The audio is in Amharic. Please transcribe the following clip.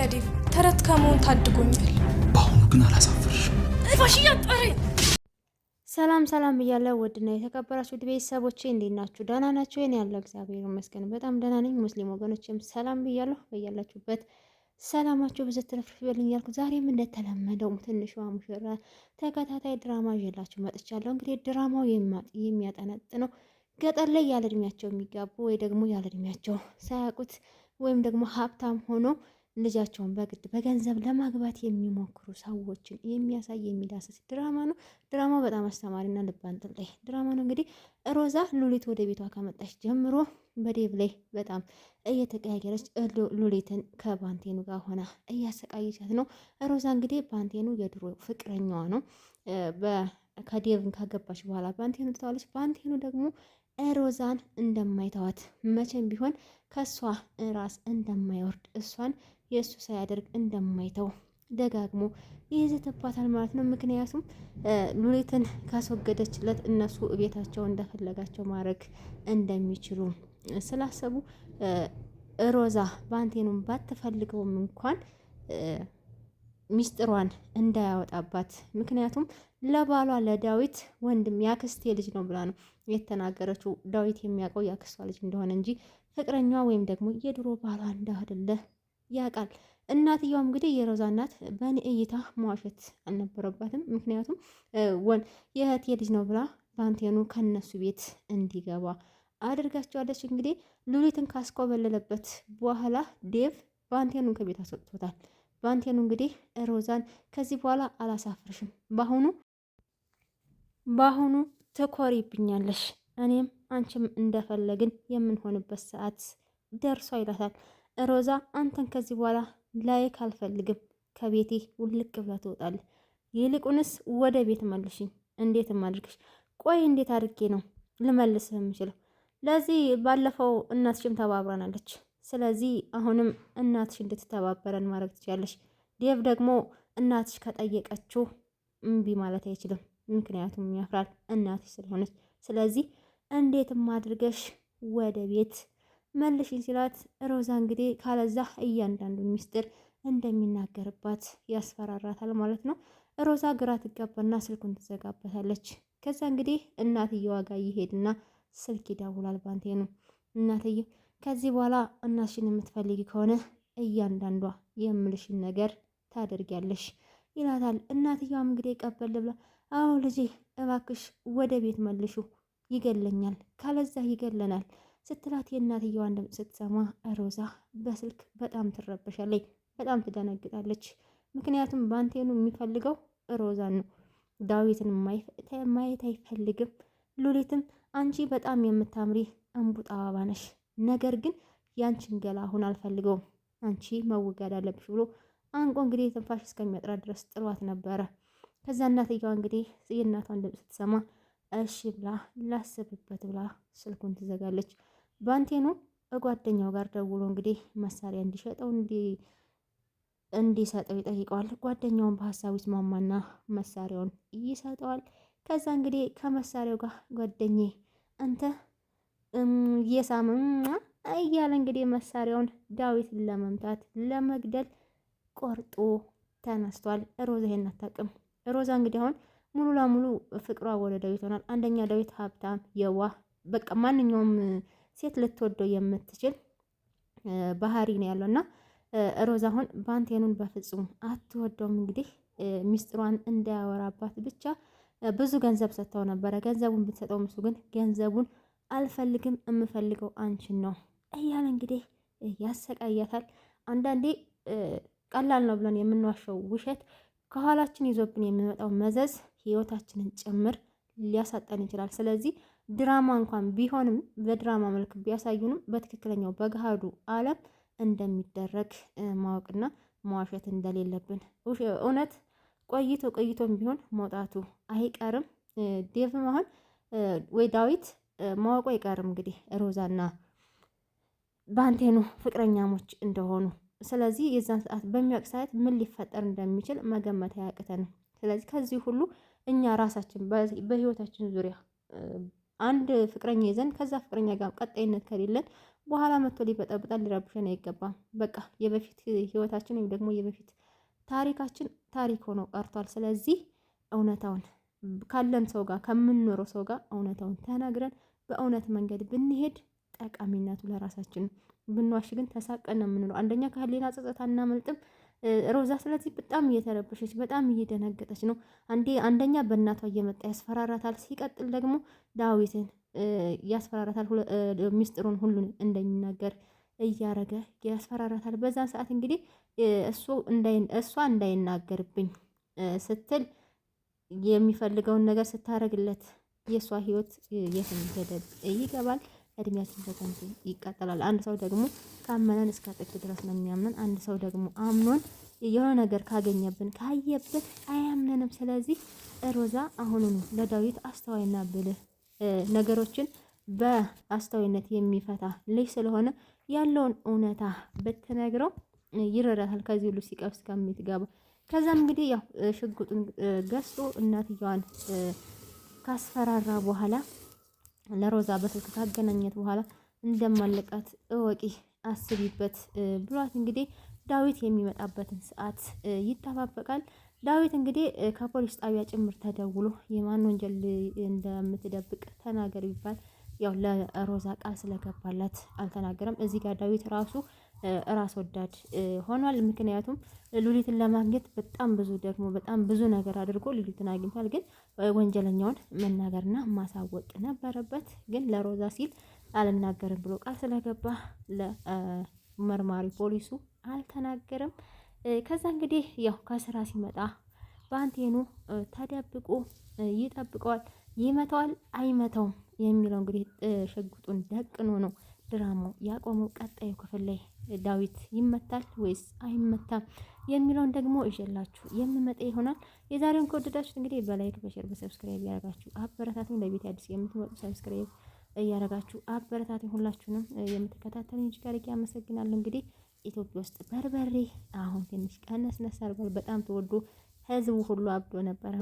ለዴቭ ተረት ከመሆን ታድጎኛል። በአሁኑ ግን አላሳፍርሽ ፋሽ እያጠረኝ ሰላም ሰላም እያለ ውድና የተከበራችሁ ውድ ቤተሰቦቼ እንዴት ናችሁ? ደህና ናችሁ? የኔ ያለው እግዚአብሔር ይመስገን በጣም ደህና ነኝ። ሙስሊም ወገኖችም ሰላም ብያለሁ። በያላችሁበት ሰላማችሁ ብዙ ትርፍርፍ ይበልኝ እያልኩ ዛሬም እንደተለመደው ትንሿ ሙሽራ ተከታታይ ድራማ ይዤላችሁ መጥቻለሁ። እንግዲህ ድራማው የሚያጠነጥነው ገጠር ላይ ያለ እድሜያቸው የሚጋቡ ወይ ደግሞ ያለ እድሜያቸው ሳያውቁት ወይም ደግሞ ሀብታም ሆኖ ልጃቸውን በግድ በገንዘብ ለማግባት የሚሞክሩ ሰዎችን የሚያሳይ የሚዳስስ ድራማ ነው። ድራማው በጣም አስተማሪና ልብ አንጠልጣይ ድራማ ነው። እንግዲህ ሮዛ ሉሊት ወደ ቤቷ ከመጣች ጀምሮ በዴቭ ላይ በጣም እየተቀያየረች ሉሊትን ከባንቴኑ ጋር ሆና እያሰቃየቻት ነው። ሮዛ እንግዲህ ባንቴኑ የድሮ ፍቅረኛዋ ነው። ከዴቭን ካገባች በኋላ ባንቴኑ ትተዋለች። ባንቴኑ ደግሞ ሮዛን እንደማይተዋት መቼም ቢሆን ከእሷ ራስ እንደማይወርድ እሷን የእሱ ሳያደርግ እንደማይተው ደጋግሞ ይዘትባታል ማለት ነው። ምክንያቱም ሉሊትን ካስወገደችለት እነሱ ቤታቸው እንደፈለጋቸው ማድረግ እንደሚችሉ ስላሰቡ ሮዛ ባንቴኑን ባትፈልገውም እንኳን ሚስጥሯን እንዳያወጣባት ምክንያቱም ለባሏ ለዳዊት ወንድም ያክስቴ ልጅ ነው ብላ ነው የተናገረችው። ዳዊት የሚያውቀው ያክስቷ ልጅ እንደሆነ እንጂ ፍቅረኛዋ ወይም ደግሞ የድሮ ባሏ እንዳደለ። ያውቃል። እናትየውም እንግዲህ የሮዛ እናት በእኔ እይታ መዋሸት አልነበረባትም። ምክንያቱም ወን የእህቴ ልጅ ነው ብላ ባንቴኑ ከነሱ ቤት እንዲገባ አድርጋቸዋለች። እንግዲህ ሉሊትን ካስኮበለለበት በኋላ ዴቭ ባንቴኑን ከቤት አስወጥቶታል። ባንቴኑ እንግዲህ ሮዛን ከዚህ በኋላ አላሳፍርሽም፣ በአሁኑ በአሁኑ ትኮሪብኛለሽ፣ እኔም አንቺም እንደፈለግን የምንሆንበት ሰዓት ደርሷ ይላታል። ሮዛ አንተን ከዚህ በኋላ ላይክ አልፈልግም፣ ከቤቴ ውልቅ ብላ ትወጣለህ። ይልቁንስ ወደ ቤት መልሽኝ። እንዴት ማድርግሽ? ቆይ እንዴት አድርጌ ነው ልመልስህ የምችለው? ለዚህ ባለፈው እናትሽም ተባብረናለች። ስለዚህ አሁንም እናትሽ እንድትተባበረን ማድረግ ትችላለሽ። ዴቭ ደግሞ እናትሽ ከጠየቀችው እምቢ ማለት አይችልም፣ ምክንያቱም ያፍራል እናትሽ ስለሆነች። ስለዚህ እንዴትም አድርገሽ ወደ ቤት መልሽኝ ሲላት ሮዛ እንግዲህ ካለዛ እያንዳንዱ ሚስጥር እንደሚናገርባት ያስፈራራታል ማለት ነው። ሮዛ ግራ ትጋባና ስልኩን ትዘጋበታለች። ከዛ እንግዲህ እናትየዋ ጋር ይሄድና ስልክ ይደውላል ነው እናትዬ ከዚህ በኋላ እናትሽን የምትፈልጊ ከሆነ እያንዳንዷ የምልሽን ነገር ታደርጊያለሽ ይላታል። እናትየዋም እንግዲህ ቀበል ብላ አዎ ልጄ እባክሽ ወደ ቤት መልሹ፣ ይገለኛል፣ ካለዛ ይገለናል ስትላት የእናትየዋን ድምፅ ስትሰማ ሮዛ በስልክ በጣም ትረበሻለች፣ በጣም ትደነግጣለች። ምክንያቱም ባንቴኑ የሚፈልገው ሮዛን ነው፣ ዳዊትን ማየት አይፈልግም። ሉሊትም አንቺ በጣም የምታምሪ እንቡጥ አበባ ነሽ፣ ነገር ግን ያንቺን ገላ አሁን አልፈልገውም፣ አንቺ መወገድ አለብሽ ብሎ አንቆ እንግዲህ ትንፋሽ እስከሚያጥራ ድረስ ጥሏት ነበረ። ከዛ እናትየዋ እንግዲህ የእናቷን ድምፅ ስትሰማ እሺ ብላ ላስብበት ብላ ስልኩን ትዘጋለች። ባንቴኑ ጓደኛው ጋር ደውሎ እንግዲህ መሳሪያ እንዲሸጠው እንዲሰጠው ይጠይቀዋል። ጓደኛውን በሀሳቡ ይስማማና መሳሪያውን ይሰጠዋል። ከዛ እንግዲህ ከመሳሪያው ጋር ጓደኜ አንተ እየሳምም እያለ እንግዲህ መሳሪያውን ዳዊትን ለመምታት ለመግደል ቆርጦ ተነስቷል። ሮዛ ይሄን አታውቅም። ሮዛ እንግዲህ አሁን ሙሉ ለሙሉ ፍቅሯ ወደ ዳዊት ሆናል። አንደኛ ዳዊት ሀብታም፣ የዋህ በቃ ማንኛውም ሴት ልትወደው የምትችል ባህሪ ነው ያለው እና ሮዝ አሁን ባንቴኑን በፍጹም አትወደውም። እንግዲህ ሚስጥሯን እንዳያወራባት ብቻ ብዙ ገንዘብ ሰጥተው ነበረ። ገንዘቡን ብትሰጠው ምሱ ግን ገንዘቡን አልፈልግም የምፈልገው አንቺን ነው እያለ እንግዲህ ያሰቃያታል። አንዳንዴ ቀላል ነው ብለን የምንዋሸው ውሸት ከኋላችን ይዞብን የሚመጣው መዘዝ ህይወታችንን ጭምር ሊያሳጠን ይችላል። ስለዚህ ድራማ እንኳን ቢሆንም በድራማ መልክ ቢያሳዩንም በትክክለኛው በገሃዱ ዓለም እንደሚደረግ ማወቅና መዋሸት እንደሌለብን እውነት ቆይቶ ቆይቶም ቢሆን መውጣቱ አይቀርም። ዴቭ መሆን ወይ ዳዊት ማወቁ አይቀርም እንግዲህ ሮዛና ባንቴኑ ፍቅረኛሞች እንደሆኑ። ስለዚህ የዛን ሰዓት በሚያውቅ ሰዓት ምን ሊፈጠር እንደሚችል መገመት አያቅተንም። ስለዚህ ከዚህ ሁሉ እኛ ራሳችን በህይወታችን ዙሪያ አንድ ፍቅረኛ ይዘን ከዛ ፍቅረኛ ጋር ቀጣይነት ከሌለን በኋላ መጥቶ ሊበጠብጣን ሊረብሸን አይገባም። በቃ የበፊት ህይወታችን ወይም ደግሞ የበፊት ታሪካችን ታሪክ ሆኖ ቀርቷል። ስለዚህ እውነታውን ካለን ሰው ጋር ከምንኖረው ሰው ጋር እውነታውን ተናግረን በእውነት መንገድ ብንሄድ ጠቃሚነቱ ለራሳችን ብንዋሽ ግን ተሳቀን ነው የምንለው። አንደኛ ከህሊና ጸጸት አናመልጥም። ሮዛ ስለዚህ በጣም እየተረበሸች በጣም እየደነገጠች ነው። አንዴ አንደኛ በእናቷ እየመጣ ያስፈራራታል። ሲቀጥል ደግሞ ዳዊትን ያስፈራራታል። ሚስጥሩን ሁሉን እንደሚናገር እያረገ ያስፈራራታል። በዛን ሰዓት እንግዲህ እሱ እሷ እንዳይናገርብኝ ስትል የሚፈልገውን ነገር ስታረግለት የእሷ ህይወት የት እንደሄደ ይገባል። እድሜያችን በከንቱ ይቃጠላል። አንድ ሰው ደግሞ ካመነን እስከ ጥግ ድረስ ነው የሚያምነን። አንድ ሰው ደግሞ አምኖን የሆነ ነገር ካገኘብን ካየብን አያምነንም። ስለዚህ ሮዛ አሁኑኑ ለዳዊት አስተዋይና ብልህ ነገሮችን በአስተዋይነት የሚፈታ ልጅ ስለሆነ ያለውን እውነታ ብትነግረው ይረዳታል። ከዚህ ሁሉ ሲቀብስ ከምትገባ ከዛም እንግዲህ ያው ሽጉጡን ገዝቶ እናትየዋን ካስፈራራ በኋላ ለሮዛ በስልክ ካገናኘት በኋላ እንደማለቃት እወቂ፣ አስቢበት ብሏት እንግዲህ ዳዊት የሚመጣበትን ሰዓት ይጠባበቃል። ዳዊት እንግዲህ ከፖሊስ ጣቢያ ጭምር ተደውሎ የማን ወንጀል እንደምትደብቅ ተናገር ቢባል ያው ለሮዛ ቃል ስለገባላት አልተናገረም። እዚህ ጋር ዳዊት ራሱ ራስ ወዳድ ሆኗል። ምክንያቱም ሉሊትን ለማግኘት በጣም ብዙ ደግሞ በጣም ብዙ ነገር አድርጎ ሉሊትን አግኝቷል። ግን ወንጀለኛውን መናገርና ማሳወቅ ነበረበት። ግን ለሮዛ ሲል አልናገርም ብሎ ቃል ስለገባ ለመርማሪ ፖሊሱ አልተናገርም። ከዛ እንግዲህ ያው ከስራ ሲመጣ በአንቴኑ ተደብቆ ይጠብቀዋል። ይመታዋል አይመታውም የሚለው እንግዲህ ሽጉጡን ደቅኖ ነው ድራማው ያቆመው ቀጣዩ ክፍል ላይ ዳዊት ይመታል ወይስ አይመታም የሚለውን ደግሞ ይዤላችሁ የምመጣ ይሆናል። የዛሬውን ከወደዳችሁት እንግዲህ በላይክ በሼር በሰብስክራይብ እያረጋችሁ አበረታቱኝ። ለቤት አዲስ የምትመጡ ሰብስክራይብ እያረጋችሁ አበረታቱኝ። ሁላችሁንም የምትከታተሉ እጅግ አድርጌ አመሰግናለሁ። እንግዲህ ኢትዮጵያ ውስጥ በርበሬ አሁን ትንሽ ቀነስ ነስ በጣም ተወዶ ህዝቡ ሁሉ አብዶ ነበረ።